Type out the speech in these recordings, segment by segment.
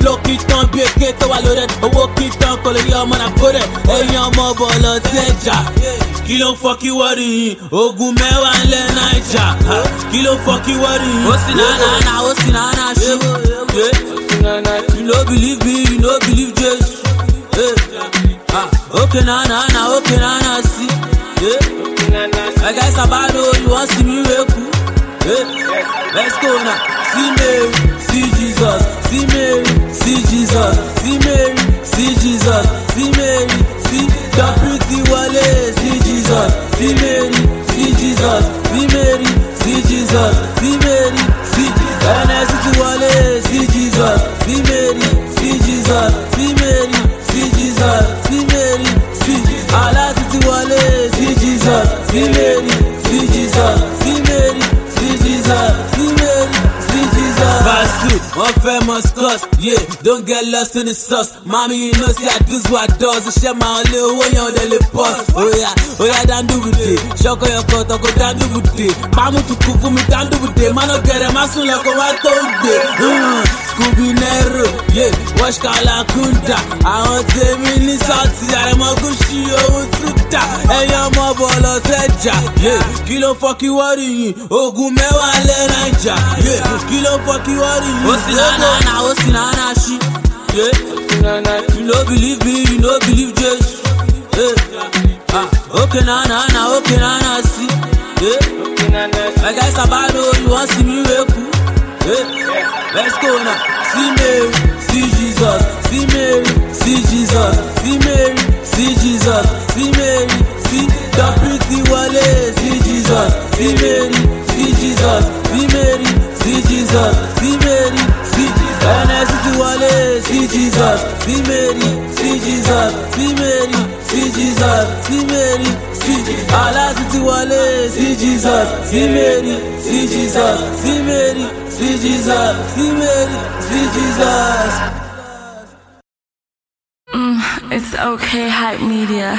ló kí tán bí eke tó wà lóde owó kí tán kò lè yẹ ọmọ náà kóde èèyàn ọmọ bọ̀ lọ sí ẹja kí ló fọ kí wọ́n rí yín ogun mẹ́wàá ń lẹ́ náìjà kí ló fọ kí wọ́n rí yín ó sì náà náà náà ó sì náà náà ṣe you no believe me you no believe Jesus ah, okay na na na okay na na si I guess about oh you wan see me wey let's go now, see me see Jesus, see Mary, see Jesus, see Mary, see Jesus, see Mary, see Deputy Wale, see Jesus, see Mary, see Jesus, see Mary, see Jesus, see Mary, see Dynasty Wale, see Jesus, see Mary, see Jesus, see on famous cause, yeah, don't get lost in the sauce. Mommy, you know, see, I do what does. I share my little way on the lip boss. Oh, yeah, oh, yeah, down do with it. Shock your cut, go down do with it. Mama to cook for me, down do with it. Man, I get a muscle like a white dog. Mm. Scooby Nero, yeah, wash Kala kunta. I want to be in South, I'm a gushy, oh, Suta. Hey, I'm a ball of Sedja, yeah, kilo fuck you, worry, Ogumewa, Lenanja, yeah, kilo fuck you, Osinana na Osinana she. Yeah. You no believe me, you no believe Jesus. Yeah. Ah, okay na na na, okay na na see. Yeah. My guys about oh, you want see me wake Yeah. Let's go now. See Mary, see Jesus. See Mary, see Jesus. See Mary, see Jesus. See Mary, see the pretty Wale. See Jesus. See Mary, see Jesus. See Mary, see Jesus. See Mary see Jesus, see Mary, see Jesus, see Mary, see Jesus, see Mary, see see Jesus, see Mary, see Jesus, see Mary, see Jesus, see Mary, see Jesus. Mm, it's okay, hype media.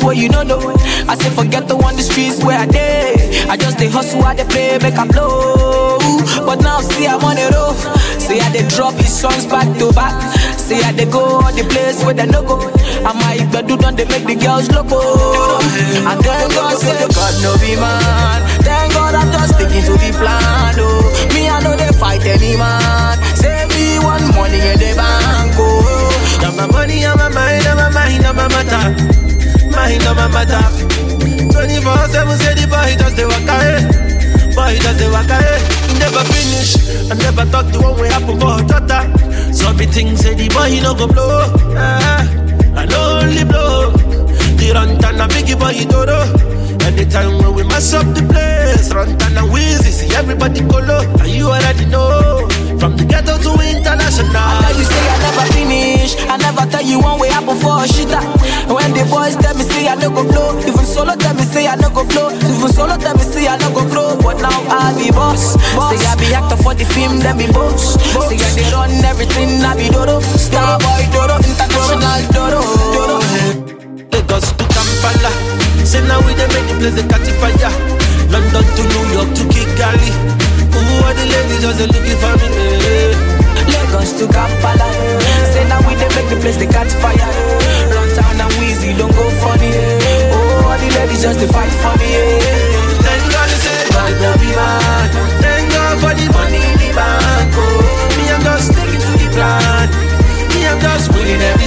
things where you not know. I say forget the one the streets where I day. I just they hustle, I they play, make I blow. But now see I'm on the road. See I they drop his songs back to back. See I they go on the place where they no go. I might but do done they make the girls loco. And thank God say God no be man. Thank God I'm just sticking to the plan. Oh, me I know they fight any man. Save me one money in the bank. Oh, now my money, now my mind, now my mind, now my matter. Mind Mine my matter. 24 7 say the boy just the waka eh. Boy just the waka eh. Never finish. I never thought the one way happen for her daughter. So be things say the boy no go blow. Ah, I only blow. The run turn a biggie boy doro. Anytime when we mess up the place, run down and wheezy, see everybody color, and you already know. From the ghetto to international. I tell you say I never finish. I never tell you one way up before shit. When the boys tell me say I no go blow, even solo tell me say I no go flow, even solo tell me say I no go flow. But now I be boss. boss. Say I be actor for the film, then be boss. boss. Say I they run everything, I be dodo. Starboy dodo, international dodo. dodo. Lagos to Kampala. Say now we they make the place they catch fire. London to New York to Kigali. Ooh, all the ladies just they looking for me. Eh. Lagos to Kampala. Eh. Say now we they make the place they catch fire. Eh. Run town and Weezy don't go funny. Eh. Oh, all the ladies just they fight for me. Eh. Thank God they say my be mad. Thank God for the money in the bank. Oh, me I'm just sticking to the plan. Me I'm just winning everything.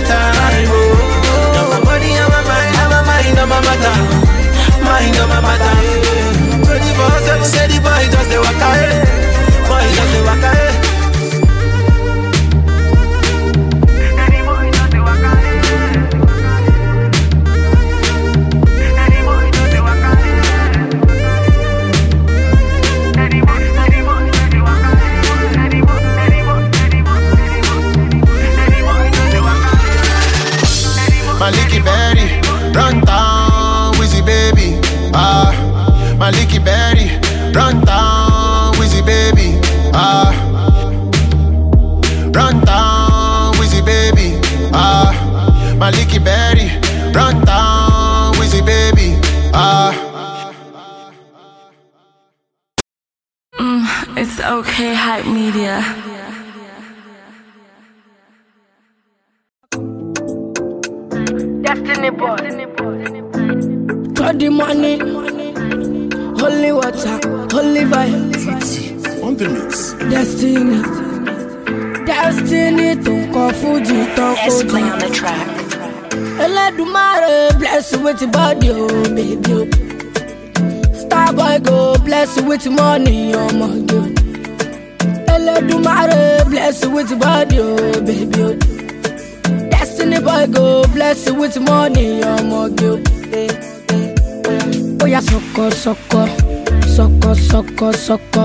soko,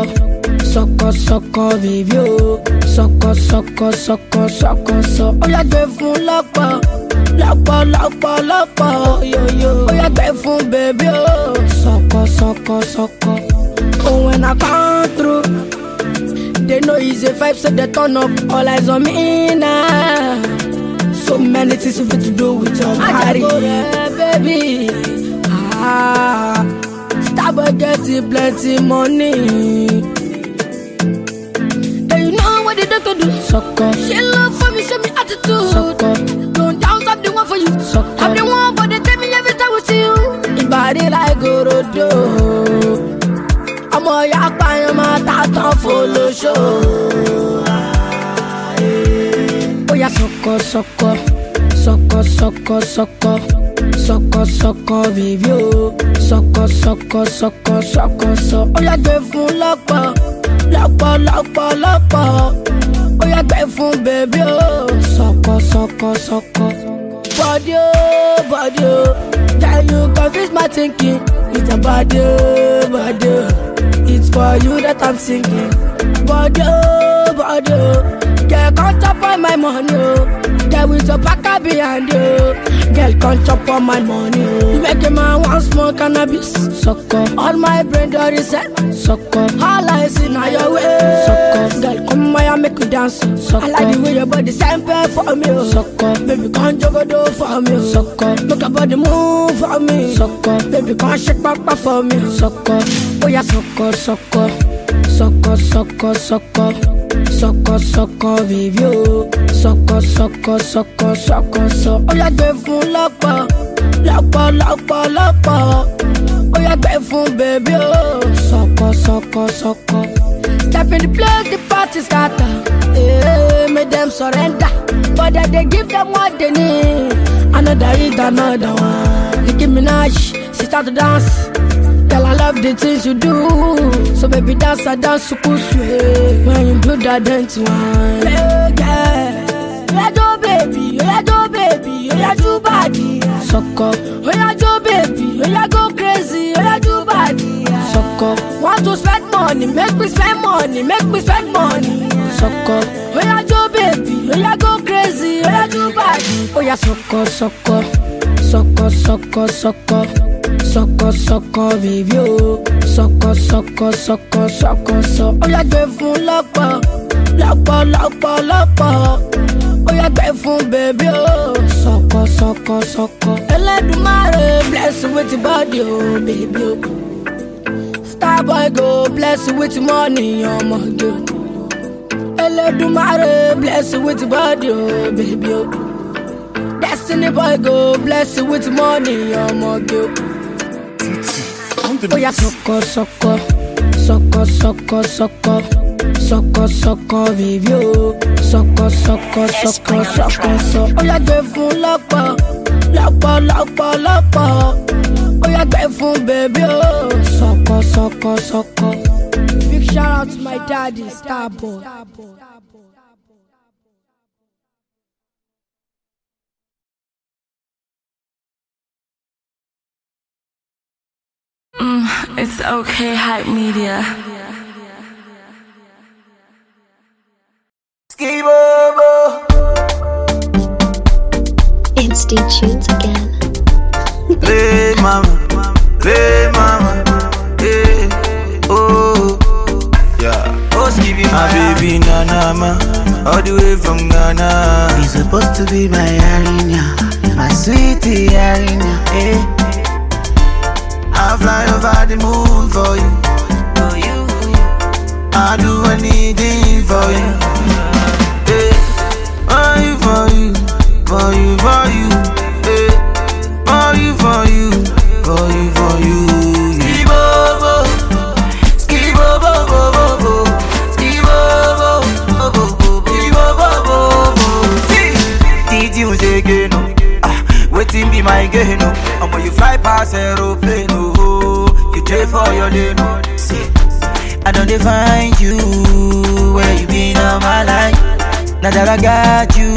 soko, soko, baby o. Soko, soko, soko, soko, so. Ó yá gbé fún lapa, lapa, lapa, lapa. yóyó. Ó yá gbé fún bèbí o. Soko, soko, soko. Oh, when I come through, they know he's a vibe, so they turn up. All eyes on me now. So many things to do with your body. baby. Ah. wey get plenty money. And you know what the doctor do? Sucker. She love for me, show me attitude. Sucker. Don't doubt I'm the one for you. Sucker. I'm the one, but they tell me every time we see you. Your body like Orodo. ọmọ ìyá apààyàn máa ta tán fọlọ́ṣọ́. ó yà sọkọ sọkọ sọkọ sọkọ sọkọ sọkọ sọkọ bèbí o sọkọ sọkọ sọkọ sọkọ sọ ó yá gbé fún lọ́pọ̀ lọ́pọ̀ lọ́pọ̀ lọ́pọ̀ ó yá gbé fún bèbí o sọkọ sọkọ sọkọ. body o body o can you confuse my thinking with your body o body o it's for you that i'm singing body o body o. Girl, come chop all my money, oh. Girl, with your packer behind you. Oh. Girl, come chop all my money, oh. Make a man one small cannabis, suck up. All my brain door is set, suck up. All I see now your way, suck up. Girl, come my and make me dance, suck up. I like the way your body sample for me, oh. suck up. Baby, come jogado for me, oh. suck up. Make your body move for me, suck up. Baby, come shake back for me, oh. suck up. Oh yeah, suck up, suck up, suck up, suck up, suck up. sọkọ sọkọ bèbí o sọkọ sọkọ sọkọ sọkọ sọ. ó yà gbé fún lọ́pọ̀ lọ́pọ̀ lọ́pọ̀ lọ́pọ̀ ó yà gbé fún bèbí o. sọkọ sọkọ sọkọ. step in the place the party scatter hey, eh, make dem surrender but dem dey give dem what they need. another hit another one Nicki Minaj she start to dance love the things you do. So baby, dance a dance cool sweet. When you build that dance one. Hey, yeah. Oh yeah. Oyajo baby, Oh yeah. oyajo baby, Oh yeah. oyajo body. Suck up. Oh yeah. Oyajo baby, Oh yeah. go crazy, Oh yeah. oyajo body. Suck up. Want to spend money, make me spend money, make me spend money. Suck up. Oh yeah. Oyajo baby, Oh yeah. go crazy, Oh yeah. oyajo body. yeah. suck up, suck up, suck up, suck up, suck up. sọkọ sọkọ baby oh, sọkọ sọkọ sọkọ sọkọ sọ. ó yá gbé fún lọ́pọ̀ lọ́pọ̀ lọ́pọ̀ lọ́pọ̀ ó yá gbé fún bèbí oh sọkọ lopo lopo oh ya gbe fun baby oh, Ẹlẹ́dùmarè bless you with body o oh, bèbí o. Oh. Starboy go bless you with money oh ọmọge o. Ẹlẹ́dùmarè bless you with body oh, baby oh. Destiny boy go bless you with money oh my girl something. Oya sọkọ sọkọ sọkọ sọkọ sọkọ sọkọ sọkọ bèbí o sọkọ sọkọ sọkọ sọkọ sọ. Oya gbé fún lọ́pọ̀ lọ́pọ̀ lọ́pọ̀ Oh yeah, give me bèbí o sọkọ sọkọ sọkọ. Big shout out to my daddy Starboy. Starboy. Mm, it's okay, hype media. It's the tunes again. Lay mama, lay mama, hey, oh, yeah. Oh, Skippy, my baby, ma, all the way from Ghana. He's supposed to be my Arena, my sweetie Arena, hey. Eh? I fly over the moon for you. For you. I do anything for you. Hey, for you, for you, for you, for you. for you, for you, for you, for you. you Waiting be my gain. I'm you fly past aeroplane for your See, I don't define you where you been all my life. Now that I got you,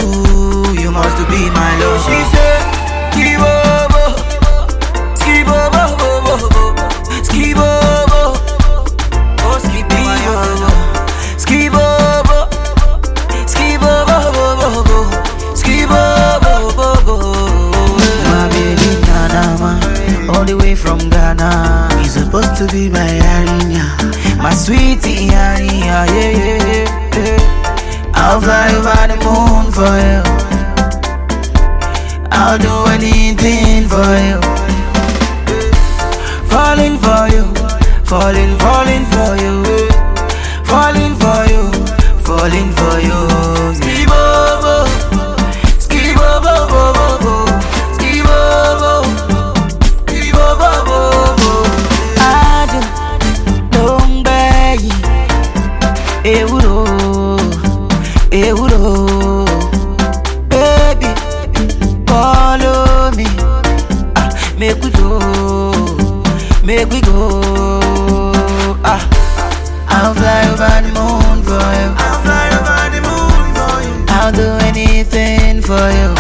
you must be my love. She said, Kibobo, Skibobo, Skibobo, oh my baby Nana, all the way from Ghana to be my yarinya, my sweetie yarinya, yeah, yeah, yeah. I'll fly over the moon for you. I'll do anything for you. Falling for you, falling, falling for you, falling for you, falling for you. Falling for you. твое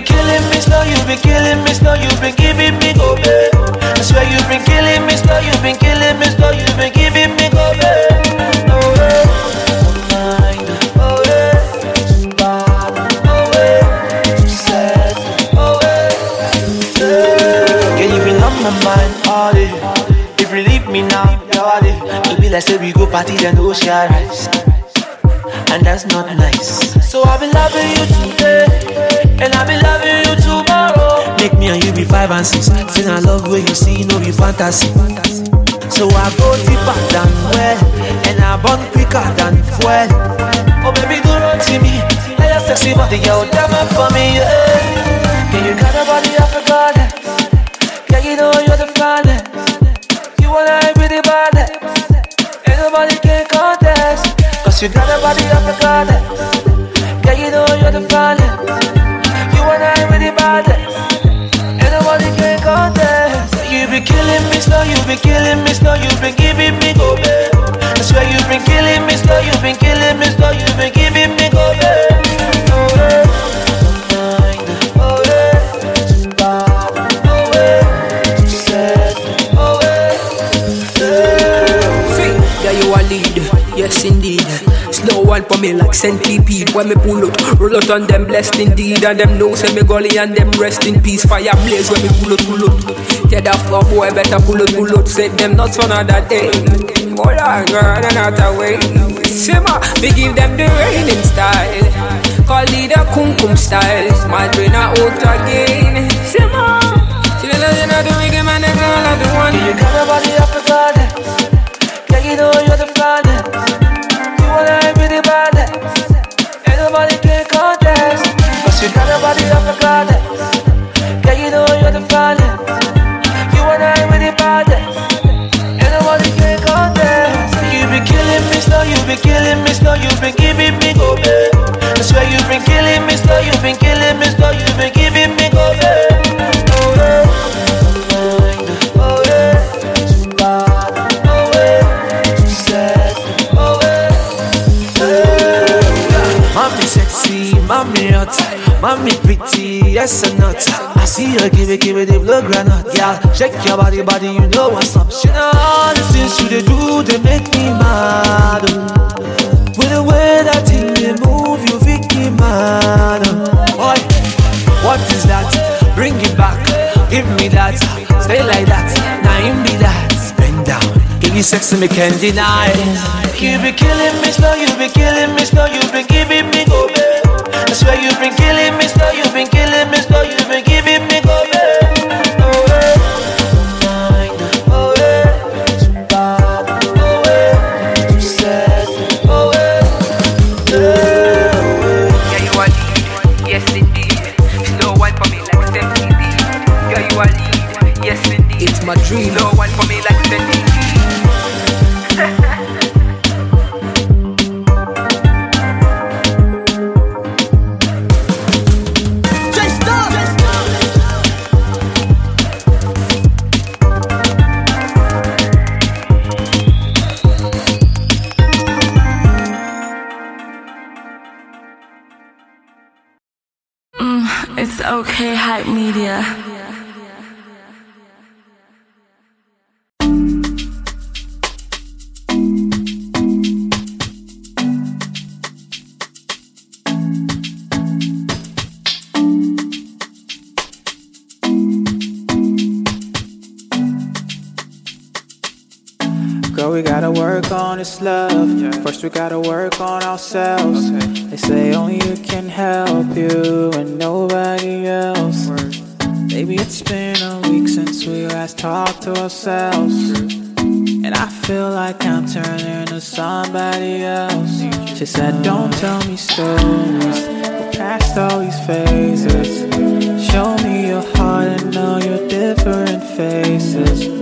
been killing me slow, you have been killing me slow, you have been giving me go back. I swear you have been killing me slow, you have been killing me slow, you have been giving me go back. Let's say we go party then ocean rise And that's not nice So I've been loving you too I be loving you tomorrow. Make me and you be five and six. Since I love where you see, no be fantasy. So I go deeper than well, and I burn quicker than fuel. Oh baby, do not to me. I just sexy body, yo, damn for me. Yeah. Can you cut a body off a garden? Yeah, you know you're the finest. You wanna be the baddest. Ain't nobody can contest. Cause you got a body off a garden. Yeah, you know you're the finest mad. Ain't nobody can contest. You been killing me slow, you been killing me slow, you been giving me go, babe. I swear you been killing me slow, you been killing me slow, you been giving me go, babe. one for me like centipede when me pull out. Roll out on them blessed indeed, and them know say me gully and them rest in peace. Fire blaze when me pull out, pull out. Get off for boy, better pull out, pull out. Say them nuts for another day. Hold on, girl, another way. Simmer, we give them the raining style. Call it a kum kum style. Mad when I out again. Simmer, she doesn't know the reggae man, the girl, I the one. You got body up give it, give me the blood granite. Yeah, Check your body, body, you know what's up. You all the things you they do, they make me mad. With the way that thing they move, you victim man. Boy, what is that? Bring it back, give me that. Stay like that, now you be that. Bend down, give me sex and me can't deny. You be killing me slow, you be killing me slow, you be giving me go. I swear you been killing me slow, you been killing me slow. It's okay, hype media. honest love. Yeah. First, we gotta work on ourselves. Okay. They say only you can help you and nobody else. Word. Maybe it's been a week since we last talked to ourselves. And I feel like I'm turning to somebody else. She said, Don't tell me stories past all these phases. Show me your heart and all your different faces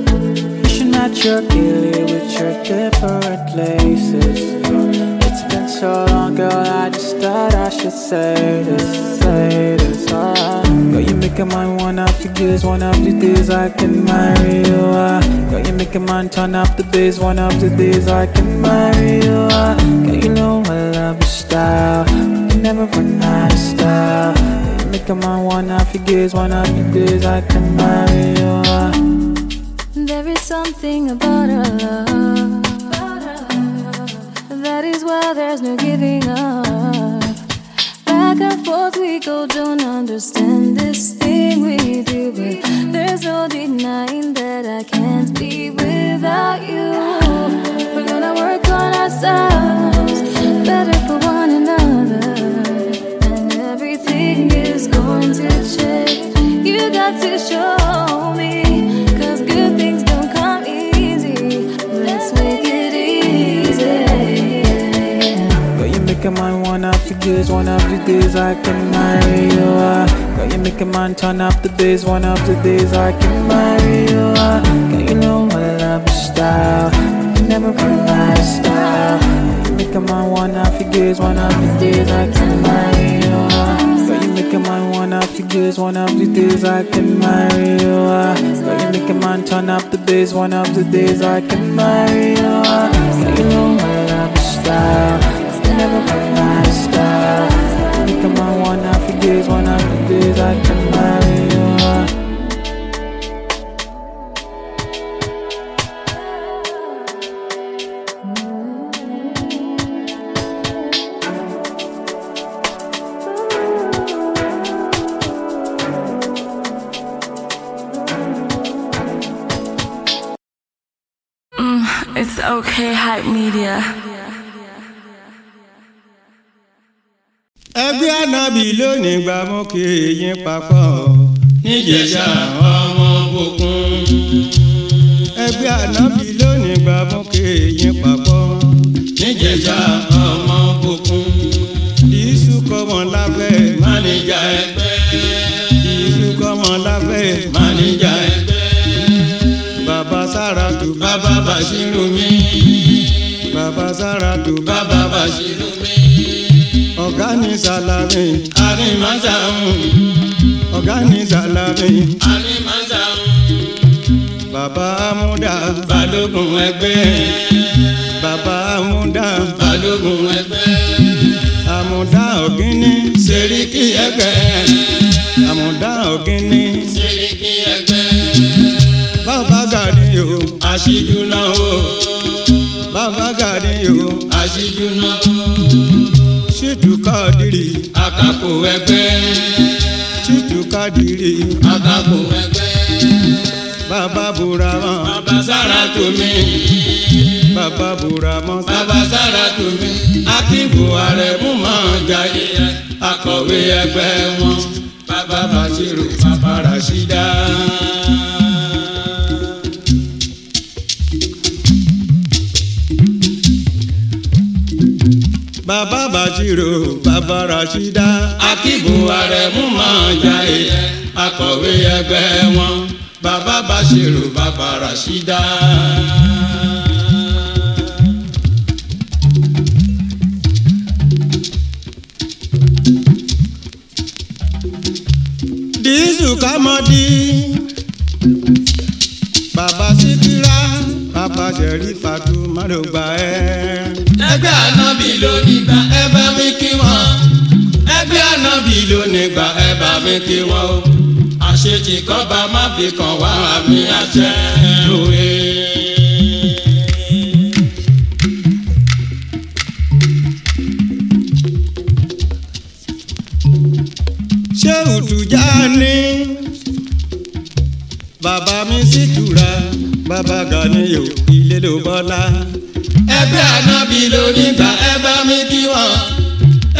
at your gilly with your different laces. It's been so long, girl, I just thought I should say this, say this. Uh, girl, you make a man one after this, one of after days, I can marry you. Uh, girl, you make a man turn up the bass. one of after days, I can marry you. Uh, girl, you know I love your style, you never run out of style. Girl, you're making mine one after this, one after days, I can marry you. Ah something about our love. That is why there's no giving up. Back and forth we go, don't understand this thing we do. But there's no denying that I can't be without you. We're gonna work on ourselves, better for one another. And everything is going to change. You got to show. a man one of the days, one of the days I can marry you. Uh. Girl, you make a man turn up the days, one of the days I can marry you. Uh. Girl, you know I love your style, you never been my style. make a man one of the days, one of the days I can marry you. Uh. Girl, you make a man one of the days, one of the days I can marry you. Uh. Girl, you make a man turn up the days, one of the days I can marry you. Uh. Girl, you know I love your style never been my star. You come on one out for days, one out for days, I can marry you. Mm, it's okay, hype media. ànábì lónìí gbà mú kí yín papọ̀ níjẹ̀ṣà ọmọ bòkun. ẹgbẹ́ ànábì lónìí gbà mú kí yín papọ̀ níjẹ̀ṣà ọmọ bòkun. ìṣù kọ́mọ lábẹ́ máníjà ẹgbẹ́. ìṣù kọ́mọ lábẹ́ máníjà ẹgbẹ́. bàbá Sàràtù bàbá Bàṣírù mi. bàbá Sàràtù bàbá Bàṣírù mi ní salami, ani ń. ọ̀gá ní sàlàmì. àrímájà ń. bàbá amúdà. balógun ẹgbẹ́. bàbá amúdà. balógun ẹgbẹ́. àmúdà ògínní. seriki ẹgbẹ́. Amuda ògínní. sèríkì ẹgbẹ́. bàbá gàdí o. àṣìjú náà o. bàbá gàdí o. àṣìjú o. Chitu Kadiri àkàpò ẹgbẹ́. Chitu Kadiri àkàpò ẹgbẹ́. Bàbá Burama. Bàbá Sàrà Tomi. Bàbá Burama. Bàbá Sàrà Tomi. Akíbu Arẹ̀mú máa ń jayé akọ̀wé ẹgbẹ́ wọn. Bàbá Bàṣírù. Bàbá Rashida. bàbá bàjírò bàbá rashida. akíbu arẹ̀mú máa jayé akọ̀wé ẹgbẹ́ wọn bàbá bàjírò bàbá rashida. dísù kámọ́dí bàbá bàjẹ́ rí fatu má ló gbà ẹ́. ẹgbẹ́ ànábì ló ní gbà ẹ bá mi kí wọn. ẹgbẹ́ ànábì ló ní gbà ẹ bá mi kí wọn o. àṣetì má fi kàn wá àmì àṣẹ lóye. ṣé òtújà ni bàbá mi sí ká bàbá Ganiyu ilé ló bọ́lá. ẹgbẹ́ ànábì ló nígbà ẹ bá mi kí wọn.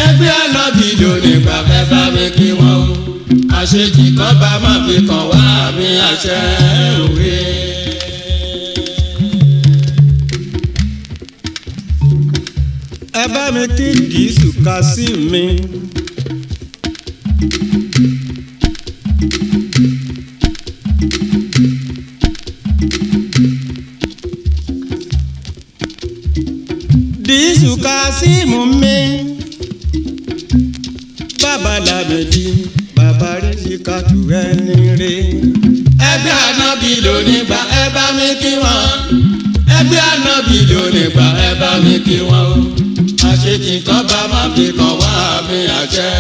ẹgbẹ́ ànábì ló nígbà ẹ bá mi kí wọn. àṣejì kan bá má fi kàn wá àmì àṣẹ òwe. ẹ bá mi kí Dísù Kásímì. kásímù mi bàbá làbẹ̀dì bàbá rẹ̀sì kàtú ẹni rè. ẹgbẹ́ ànábì lónìí bá ẹ bá mi kí wọn ẹgbẹ́ ànábì lónìí bá ẹ bá mi kí wọn àṣetì kan bá má fi kàn wá mi àjẹ́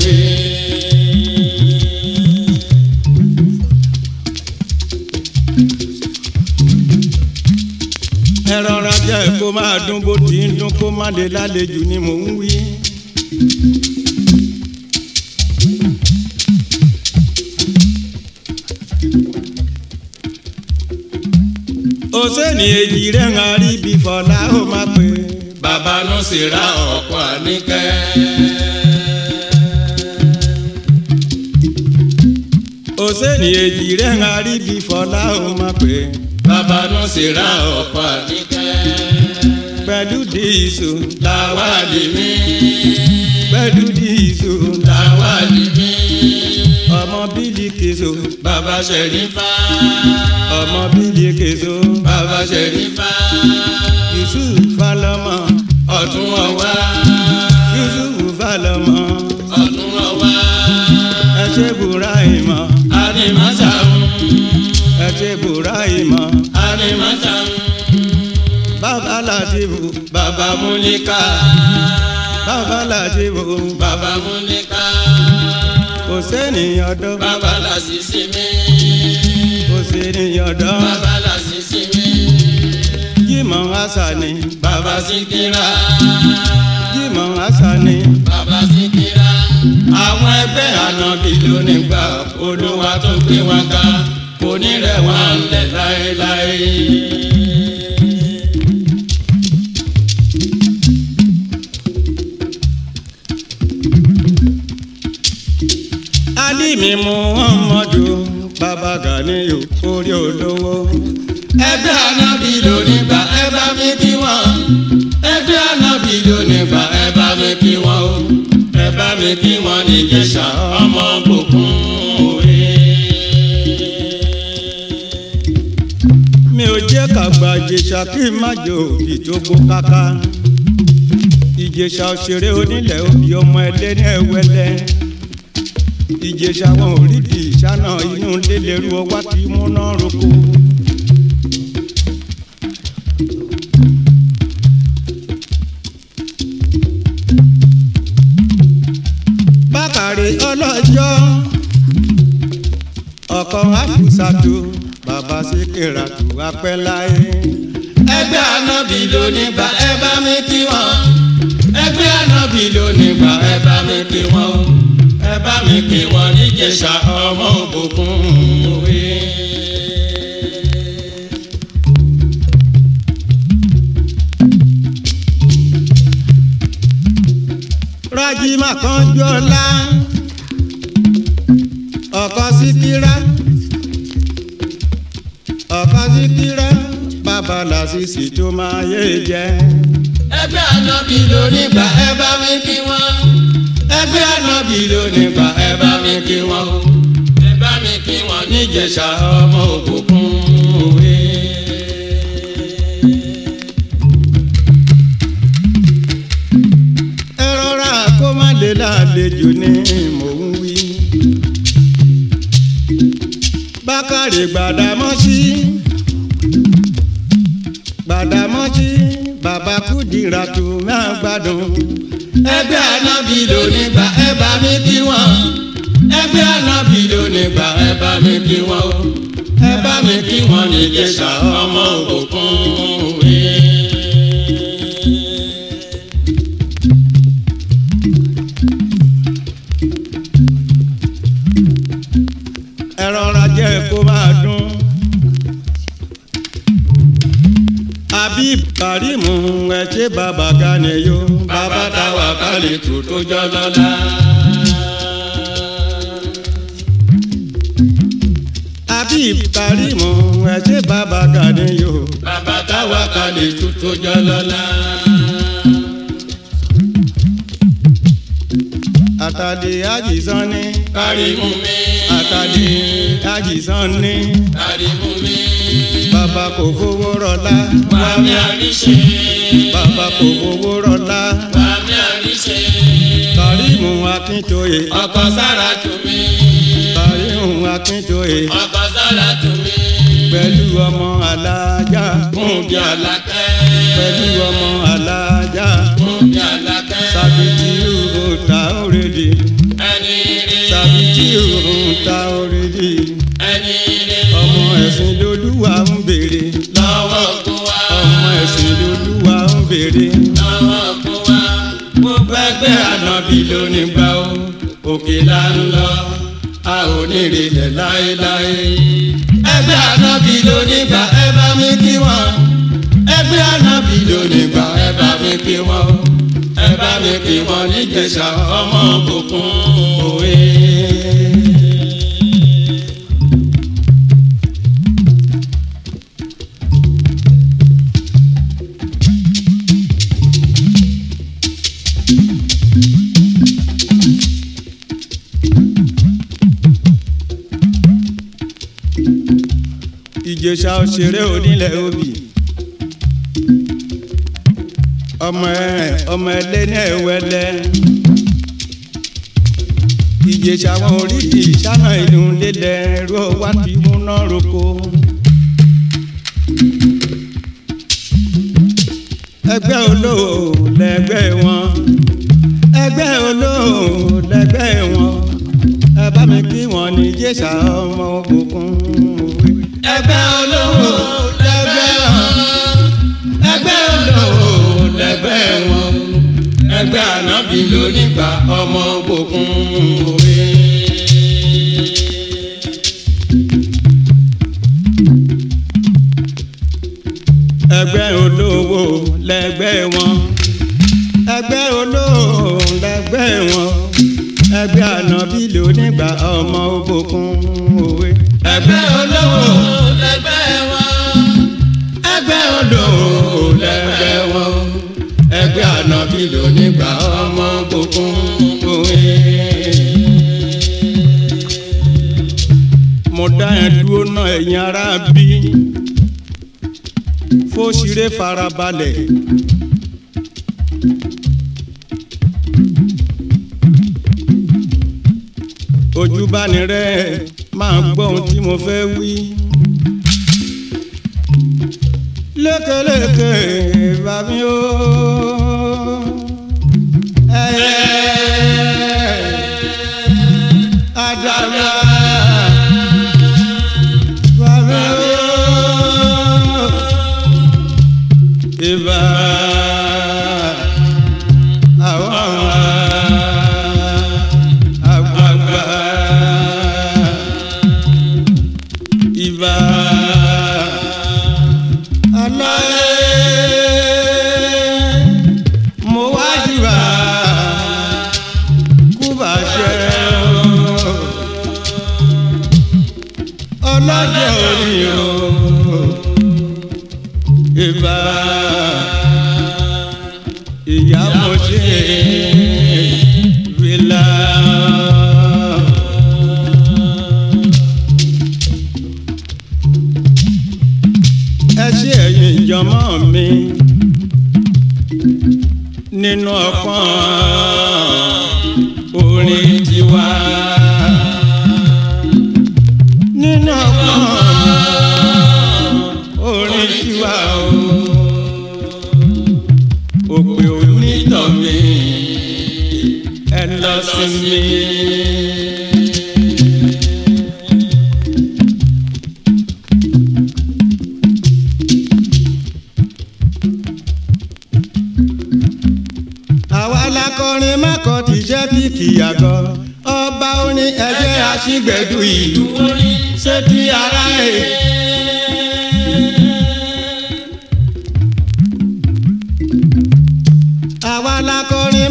wí. dún bó ti ń dún kó má lè lálejò ni mò ń wí. òsèlè èjì rẹ̀ ń rí bí fọlá ó má pé. bàbá ló sì ra ọkọ àníkẹ́. òsèlè èjì rẹ̀ ń rí bí fọlá ó má pé. bàbá ló sì ra ọkọ àníkẹ́. Diso lawali mi. Bẹ́ẹ̀dù dizu lawali mi. Ọmọ bílí kezo bàbá Ṣẹ̀rífà. Ọmọ bílí kezo bàbá Ṣẹ̀rífà. Yusuf Falọmọ ọ̀tún ọ̀wá. Yusuf Falọmọ ọ̀tún ọ̀wá. Ẹ ṣe Bùráìmọ̀. Adé Máṣá. Ẹ ṣe Bùráìmọ̀. Lajibu bàbá Múníkà bàbá Lajibu Baba Múníkà kò sẹ́niyàn dán Baba Lásìsì mi kò sẹ́niyàn dán Baba Lásìsì mi Jímọ̀ Asani Baba sikira, Jímọ̀ Asani Baba sikira, àwọn ẹgbẹ́ ànábì ló nígbà olúwa tó gbé wọn ká onírẹ̀wọ̀n lẹ̀ láéláé. mi Muhammadu bàbá Ganiyu orí olówó. ẹgbẹ́ anábì lónìí bá ẹ bá mi kí wọ́n. ẹgbẹ́ anábì lónìí bá ẹ bá mi kí wọ́n o. ẹ bá mi kí wọ́n ní Ìjẹ̀ṣà ọmọ gbòkun òwe. mi ò jẹ́ kàgbà Ìjẹ̀ṣà kí n má jò òbí tó gbó káká. Ìjẹ̀ṣà òṣèré onílẹ̀ òbí ọmọ ẹlẹ́ni ẹ̀wẹ́lẹ́ ìjẹsà wọn ò rí di ìṣáná inú lélẹ́rú ọwá tí múná roko. bákàrẹ̀ ọlọ́jọ́ ọkọ̀ àfúsàtò bàbá síkìrà tó wá pẹ́ láyé. ẹgbẹ́ anábì ló nígbà ẹ bá mi kí wọ́n ẹgbẹ́ anábì ló nígbà ẹ bá mi kí wọ́n ẹ bá mi pè wọ́n níjẹ̀ṣà ọmọ ògùnkùn òwe. rajima kan jọlá ọkọ síkírá ọkọ síkírá bàbá sisi tó máa yé jẹ. ẹgbẹ́ àná bí lónígbà ẹ bá mi bí wọ́n ẹgbẹ́ ànábì ló nípa ẹ bá mi kí wọn ẹ bá mi kí wọn níjẹ̀ṣà ọmọ òkùnkùn òwe. ẹ rọra kó má lè lálejò ní mò ń wí. bákàrè gbàdámọ́sí gbàdámọ́sí bàbá Kúdírátù máa gbádùn ẹgbẹ́ anábì ló nígbà ẹ bá mi kí wọ́n ẹgbẹ́ anábì ló nígbà ẹ bá mi kí wọ́n o ẹ bá mi kí wọ́n ní Ìjẹ̀ṣà ọmọ òkùnkùn mi. ẹ̀rọ rajẹ́ Habib Karim ẹ ṣe bàbá àlètò tó jọ lọ́la. àbí ìparí mọ ẹjẹ bàbá gàdé yó. bàbá táwa kàlètò tó jọ lọ́la. àtàdé àjìsàn ni. kárí mú mi. àtàdé àjìsàn ni. kárí mú mi. bàbá kò fowó rọlá. wàmí àríṣe. bàbá kò fowó rọlá akíntóye. ọkọ sára tù mí. àríhùn akíntóye. ọkọ sára tù mí. pẹ̀lú ọmọ alájà. kúndì alákẹ́. pẹ̀lú ọmọ alájà. kúndì alákẹ́. sàbìtì òòtà òrèdè. ẹni rè. sàbìtì òòtà òrèdè. ẹni rè. ọmọ ẹ̀sìn lolúwa ń béèrè. lọ́wọ́ kó wá. ọmọ ẹ̀sìn lolúwa ń béèrè. lọ́wọ́ kó wá. mo bẹ́ẹ̀ gbé ànábì lónìí bá òkè là ń lọ a ò ní ìrìnlẹ̀ láéláé. ẹgbẹ́ anábì ló nígbà ẹ bá mi kí wọn. ẹgbẹ́ anábì ló nígbà ẹ bá mi kí wọn. ẹ bá mi kí wọn níjẹ̀ṣà ọmọ òkùnkùn òwe. ìjẹ̀ṣà òṣèré onílẹ̀ obì ọmọ ẹ̀rìn ọmọ ẹlẹ́ ní ẹ̀wẹ́lẹ́ ìjẹ̀ṣà wọn oríṣi ìṣáná ìlú lélẹ̀ ẹ̀rọ wá fi múná roko. ẹgbẹ́ olówó lẹ́gbẹ́ wọn ẹgbẹ́ olówó lẹ́gbẹ́ wọn ẹ bá mi kí wọn ní ìjẹ̀ṣà ọmọ òkùnkùn lẹ́gbẹ́ olówó lẹ́gbẹ́ wọn ẹgbẹ́ olówó lẹ́gbẹ́ wọn ẹgbẹ́ ànábì lónígbà ọmọ òkun òwe. ẹgbẹ́ olówó lẹ́gbẹ́ wọn ẹgbẹ́ olówó lẹ́gbẹ́ wọn ẹgbẹ́ ànábì lónígbà ọmọ òkun òwe. ẹgbẹ́ olówó. ànábì lónìí gbà ọmọ bùkún òwe. mo dá ẹ dúró náà ẹ̀yin ará bí fóṣìrè farabalẹ̀. ojúbánirẹ́ máa gbọ́ ohun tí mo fẹ́ wí. lékeleke bàbí ooo. Yeah. orin mẹ́kọ̀ ti jẹ́ bí kìyàgọ́ ọba oní ẹgbẹ́ aṣígbẹ̀dù ìlú ṣé ti ara ẹ̀. àwa la kọrin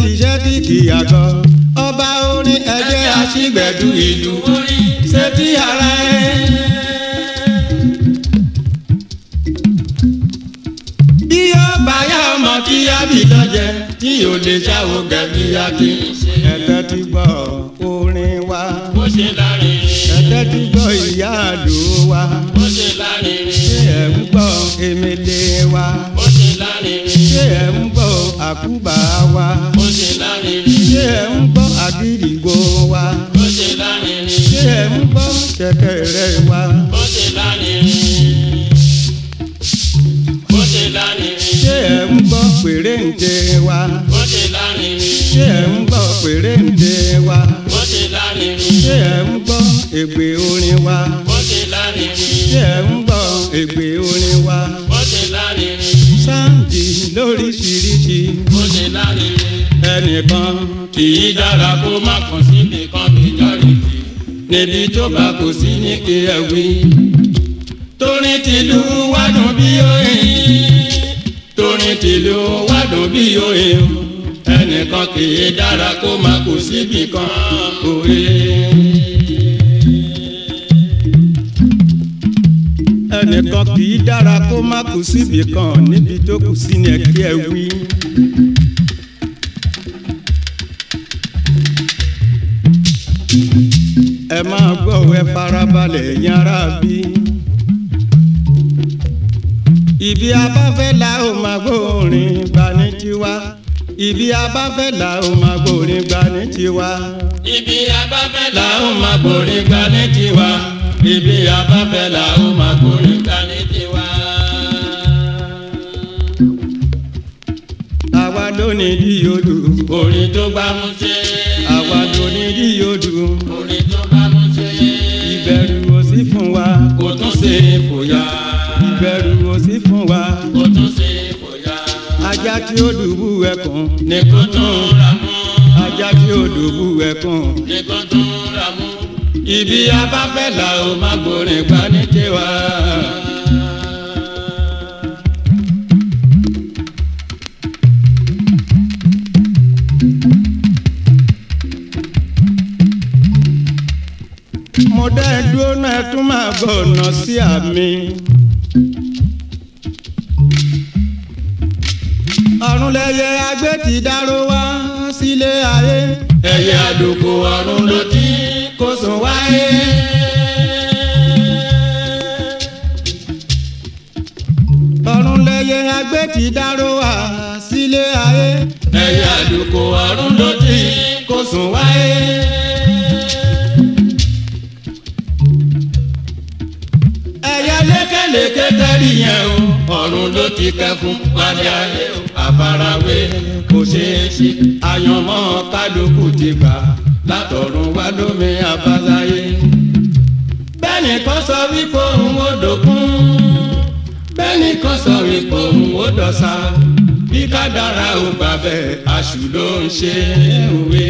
ti jẹ́ bí kìyàgọ́ ọba oní ẹgbẹ́ aṣígbẹ̀dù ìlú ṣé ti ara ẹ̀. ò lè jáwó gẹ̀mí yaki. ẹ̀tẹ́ ti gbọ́ orin wa. bó ṣe lárin. ẹ̀tẹ́ ti gbọ́ ìyá wa. bó ṣe lárin. ṣé ẹ̀ ń gbọ́ emele wa. bó ṣe lárin. ṣé ẹ̀ ń gbọ́ àkúbà wa. bó ṣe lárin. ṣé ẹ̀ ń gbọ́ àgídìgbò wa. bó ṣe lárin. ṣé ẹ̀ ń gbọ́ kẹ̀kẹ́ rẹ̀ wa. bó ṣe lárin. ẹ ń gbọ́ péréǹde wa. ó ṣe mi. ṣé ẹ ń gbọ́ péréǹde wa. ó ṣe mi. ṣé ẹ ń gbọ́ ègbè orin wa. ó ṣe mi. ṣé ẹ ń gbọ́ ègbè orin wa. ó ṣe mi. sáǹdì lóríṣiríṣi. ó ṣe lárinrin. ẹnìkan kì í dára kó má kàn sí nìkan majority. níbi tó bá kò sí ní kí ẹ wí. torí tìlú wádùn bí ó yìn tìlú wá dùn bí òye ẹnìkan kì í dára kó má kù síbì kan òye. ẹnìkan kì í dára kó má kù síbì kan níbi tó kù sí ni ẹ ẹ wí. ẹ máa gbọ́ ẹ farabalẹ̀ yára bí ibi abáfẹ́ la ó máa gbóòórìn gbà ní tiwa ibi abáfẹ́ la ó máa gbóòórìn gbà ní tiwa. ibi abáfẹ́ la ó máa gbóòórìn gbà ní tiwa ibi abáfẹ́ la ó máa gbóòórìn gbà ní tiwa. àwa ló ní yíyodù. orin tó bá mú ṣe. àwa ló ní yíyodù. orin tó bá mú ṣe. ìbẹ̀rù ò sí fún wa. kò tún ṣe é fòyà ìbẹ̀rù ò sí fún wa. kò tún ṣe kò ajá tí ó dùbú ẹkùn. ní kò tún ra mú. ajá tí ó dùbú ẹkùn. ní kò tún ra mú. ibi abáfẹ́ là ó má gbórin gbá ní tiwa. mo dẹ́ dúró náà tún máa bọ̀ ọ̀nà sí àmì. ọ̀run lẹyẹ agbẹ́tìdáró wá sílé ayé. ẹyẹ àdókò ọ̀run ló ti kó sùn wáyé. ọ̀run lẹyẹ agbẹ́tìdáró wá sílé ayé. ẹyẹ àdókò ọ̀run ló ti kó sùn wáyé. ẹyẹ lékeleke tẹ́lẹ̀ yẹn o ọ̀run ló ti kẹ́ fún pàdé ayé o farawé kò ṣeé ṣe àyànmọ́ kálukú ti gbà látọ̀run wá lómi abáláyé. bẹ́ẹ̀ni kan sọ wípé òun ò dòkun bẹ́ẹ̀ni kan sọ wípé òun ò dọ̀sà bí kádàrá ò gbà bẹ́ẹ̀ aṣù ló ń ṣe òwe.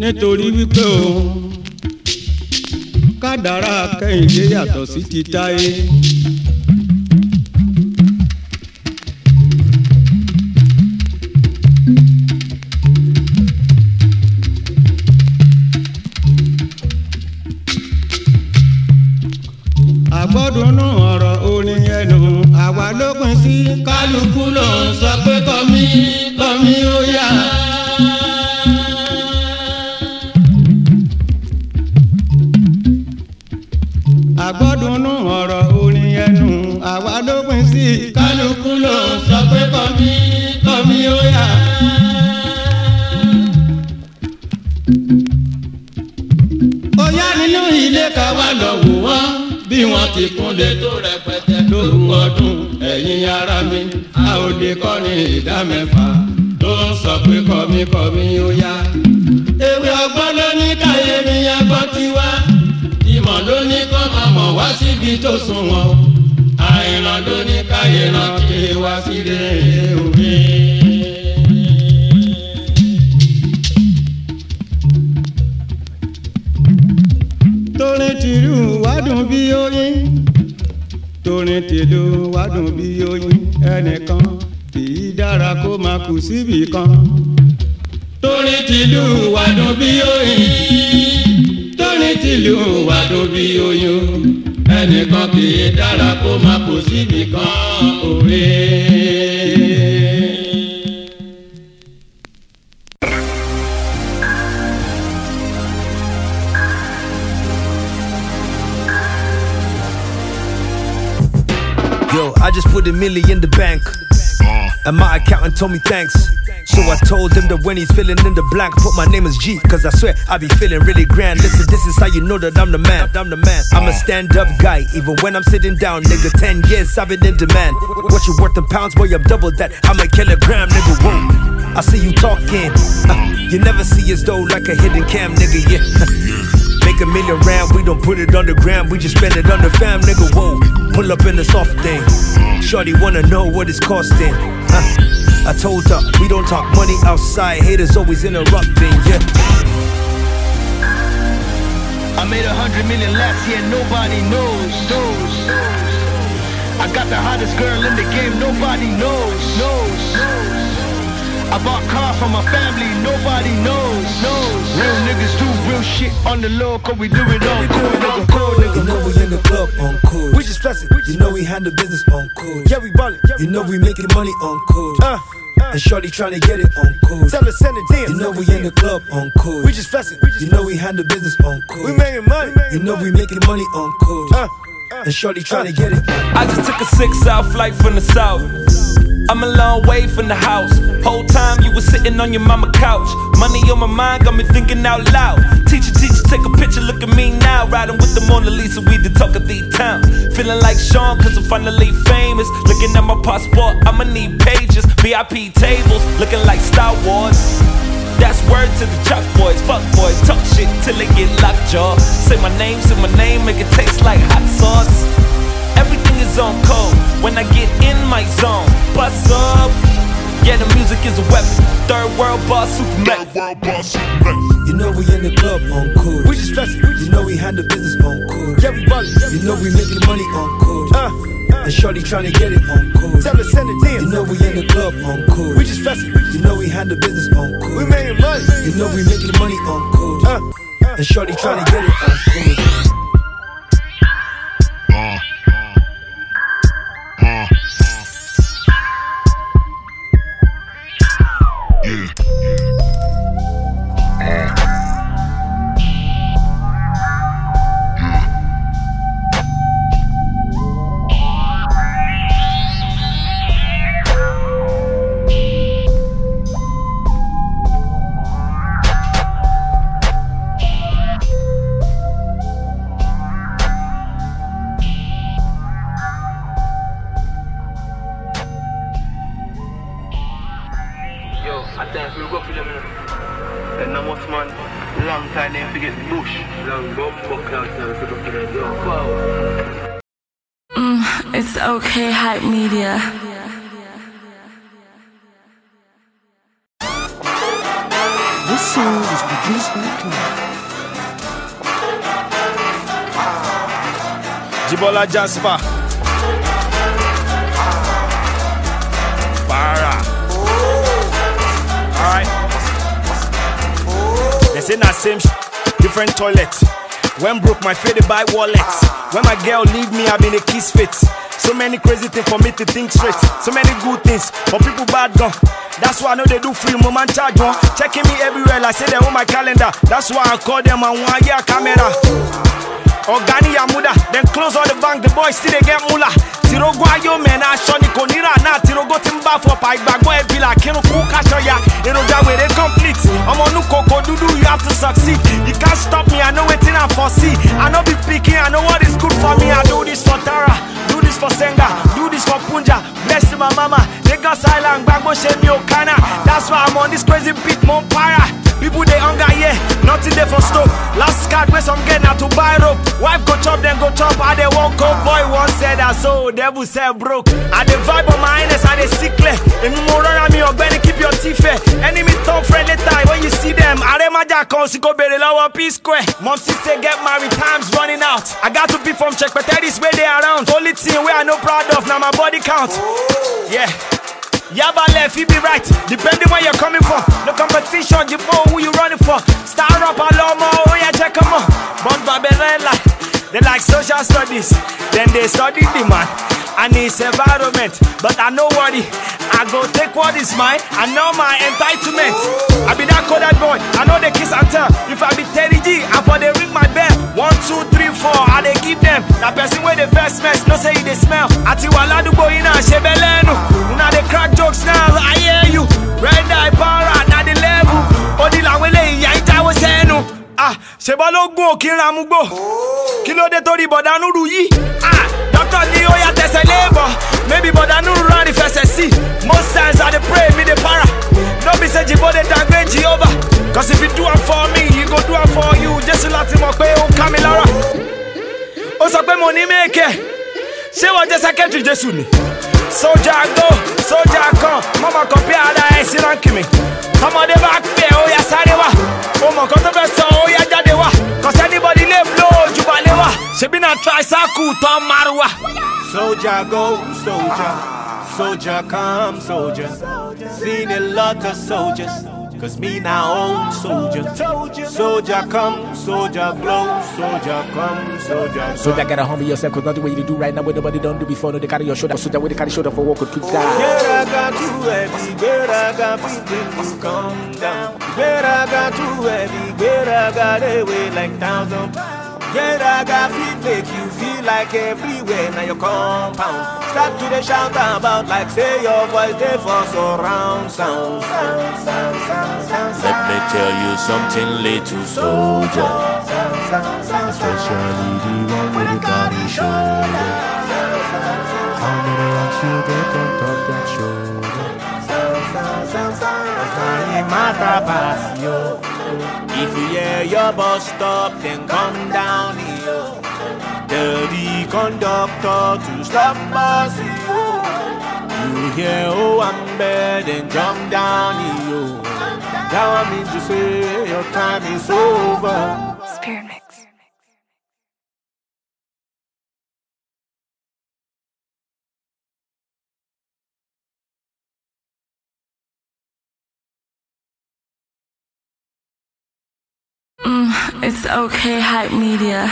nítorí wípé òun kádàrá kẹ́hìndé yàtọ̀ sí ti táyé. àgbọ́dúnú ọ̀rọ̀ orin ẹnu àwa ló pín sí. kálukú ló ń sọ pé tọ́mí tọ́mí o. kì í dára kó má kó síbi kan òwe. Yo, I just put a million in the bank. And my accountant told me thanks. So I told him that when he's filling in the blank, put my name as G, cause I swear I be feeling really grand. Listen, this is how you know that I'm the man. I'm the man. I'm a stand up guy, even when I'm sitting down, nigga. 10 years I've been in demand. What you worth in pounds, boy, I'm double that. I'm a kilogram, nigga. Whoa. I see you talking. Uh, you never see us though like a hidden cam, nigga. Yeah. Make a million round, we don't put it on the ground, we just spend it on the fam, nigga. Whoa, pull up in the soft thing. Shorty wanna know what it's costing. Huh? I told her we don't talk money outside. Haters always interrupting, yeah. I made a hundred million last yeah, nobody knows, knows, knows. I got the hottest girl in the game, nobody knows, knows, knows. I bought car for my family, nobody knows, knows. Real niggas do real shit on the low, cause we do it on cool, nigga, cool, nigga. You know we in the club on cool. We just flexing. You know we handle business on cool. Yeah, we ballin'. You know we making money on cool. Uh, uh. And Shorty tryna get it on cool. Tell her send it You know we in the club on cool. We just flexing. You know we handle business on cool. We making money. You know we making money on cool. Uh. uh. And Shorty tryna uh. get it. I just took a six-hour flight from the south. I'm a long way from the house. Whole time you was sitting on your mama couch. Money on my mind got me thinking out loud. Teacher, teacher, take a picture, look at me now. Riding with the Mona Lisa, we the talk of the town. Feeling like Sean, cause I'm finally famous. Looking at my passport, I'ma need pages. VIP tables, looking like Star Wars. That's word to the chuck boys, fuck boys. Talk shit till they get locked up. Say my name, say my name, make it taste like hot sauce. Every zone code when I get in my zone. Bust up. Yeah, the music is a weapon. Third world boss, super mech. world boss, super You know we in the club on cool. We just stressing. You know we handle business on cool. Yeah, we ballin'. You know we making money on cool. Uh. uh. And shorty to get it on cool. Tell her send it in. You know we in the club on cool. We just fessin'. You know we handle business on cool. We making money. You know we making money on cool. Uh. uh. And shorty to get it on cool. Jasper. Para. Alright. They say that same sh- different toilet. When broke my faded by wallet. When my girl leave me, I been a kiss fit. So many crazy things for me to think straight. So many good things, but people bad gone. That's why I know they do free moment charge one. Checking me everywhere, like say they on my calendar. That's why I call them and one year camera or Ghani Yamuda. Then close all the bank, the boys still they get mula. Tiro guayo men ashoni konira na tiro go timba for pai bagbo e bila kinu kuka kasho oh, ya ero ja we dey complete omo nu koko dudu you have to succeed you can't stop me i know wetin i foresee i no be picking. i know what is good for me i do this for tara do this for Senga, do this for Punja. Bless my mama, Lagos Island, Bagbo Shemi Okana. That's why I'm on this crazy beat, Mompara. People they hunger, yeah, nothing there for stove. Last card where some get now to buy rope. Wife go chop, then go chop. I they won't go boy, one said that so devil said broke. I the vibe on my highness, I they sickle. Eh. If you more run me, you're gonna keep your teeth fair. Eh. Enemy talk friendly time when you see them. I they maja cause you go bury lower P square. Mom sister get married, time's running out. I got to be from check, but that is where they around. Only team way I no proud of, now my body count. Yeah. Yaba left, you be right, depending where you're coming from. No competition, you know who you running for. Star up, a Lomo. more, oh yeah, check 'em on? Bon Babelella. They like social studies, then they study the man and his environment. But I no worry, I go take what is mine and know my entitlement. I be that coloured boy, I know they kiss and tell. If I be Terry G, I for they ring my bell. One, two, three, four, I they give them. Now person where the first mess, no say they smell. Ati wala du boy ina shebelenu. Una they crack jokes now, I hear you. Red eye power, na the level. Odi la wele, ya ita senu. Ah, ṣe Balógun ò kí ń ra amúgbò kí ló dé torí bọ̀dá Nuru yìí ah, dọ́kítọ̀ ni ó yà tẹ̀sẹ̀ léèbọ̀ maybe bọ̀dá Nuru rán ní fẹsẹ̀ sí most times I dey pray me dey para no be say jibode dey downgrade Jehovah cause if you do am for me he go do am for you Jésù láti mọ̀ pé ó ń ká mi lára ó sọ pé mo ní méèkẹ́ ṣé wọ́n jẹ́ sẹ́kẹ́tì Jésù ni sójà go sójà kan mọ́mọ́ kan bí ara ẹ̀ sí ránkì mi. Come on, the back there, oh, yeah, sorry, wa. Oh, my God, the best, oh, yeah, daddy, wa. Cause anybody live low, you balewa. She been a try, Saku, Tom Marwa. Soldier, go, soldier. Soldier, come, soldier. Seen a lot of soldiers. Cause me now old soldier. told you, Soldier come, soldier blow, soldier come, soldier come. Soldier gotta humble yourself cause nothing way you do right now with nobody don't do before. No, they carry your shoulder. Soldier with they carry shoulder for walk or to die. yeah, I got too heavy. Girl, I got feeling to come down. Girl, I got too heavy. Girl, I got a weight like thousand pounds. Yeah, raga feet make you feel like everywhere now your compound. Start to the shout about like say your voice they for surround sound. Sound, sound, sound, sound, Let me tell you something, little soldier. Especially the one with the gaudy shoulder. How many times you get on top that shoulder? Sound, sound, sound, sound. sound. That's not in my capacity. If you hear your bus stop, then come down here. Tell the conductor to stop us If You hear oh I'm bad, then jump down here. Now I mean to say your time is over. It's okay, hype media.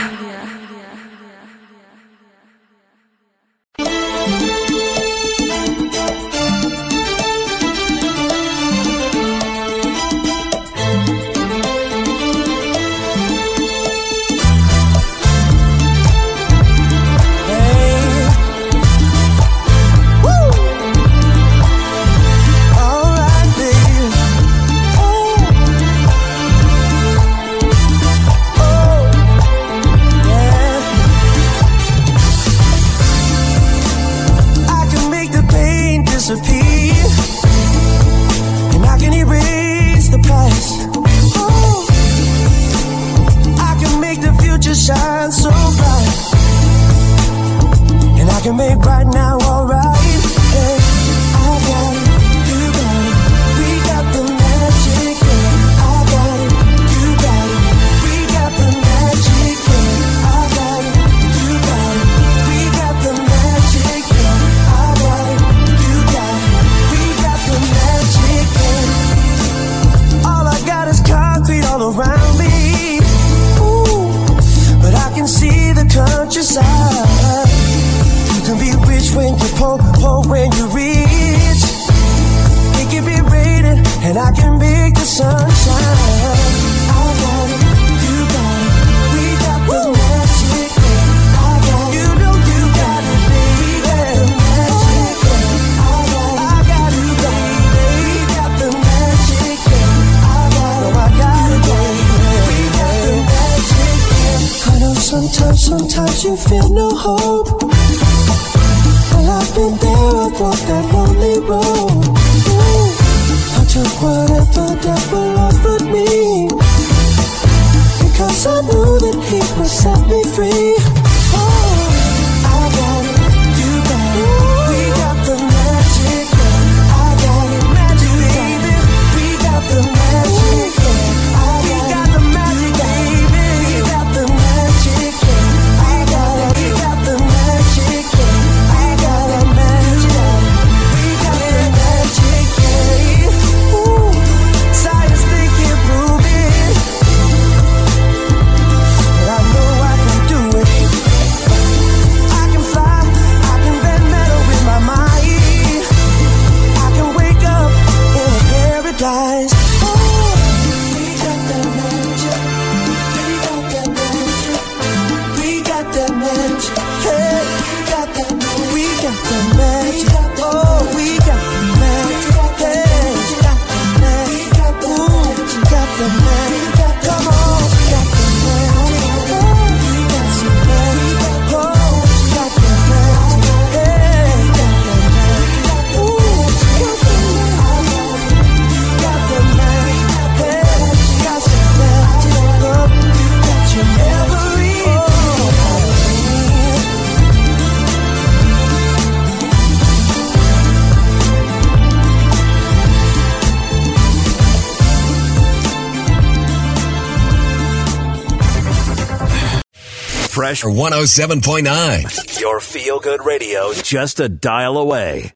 107.9. Your feel good radio, just a dial away.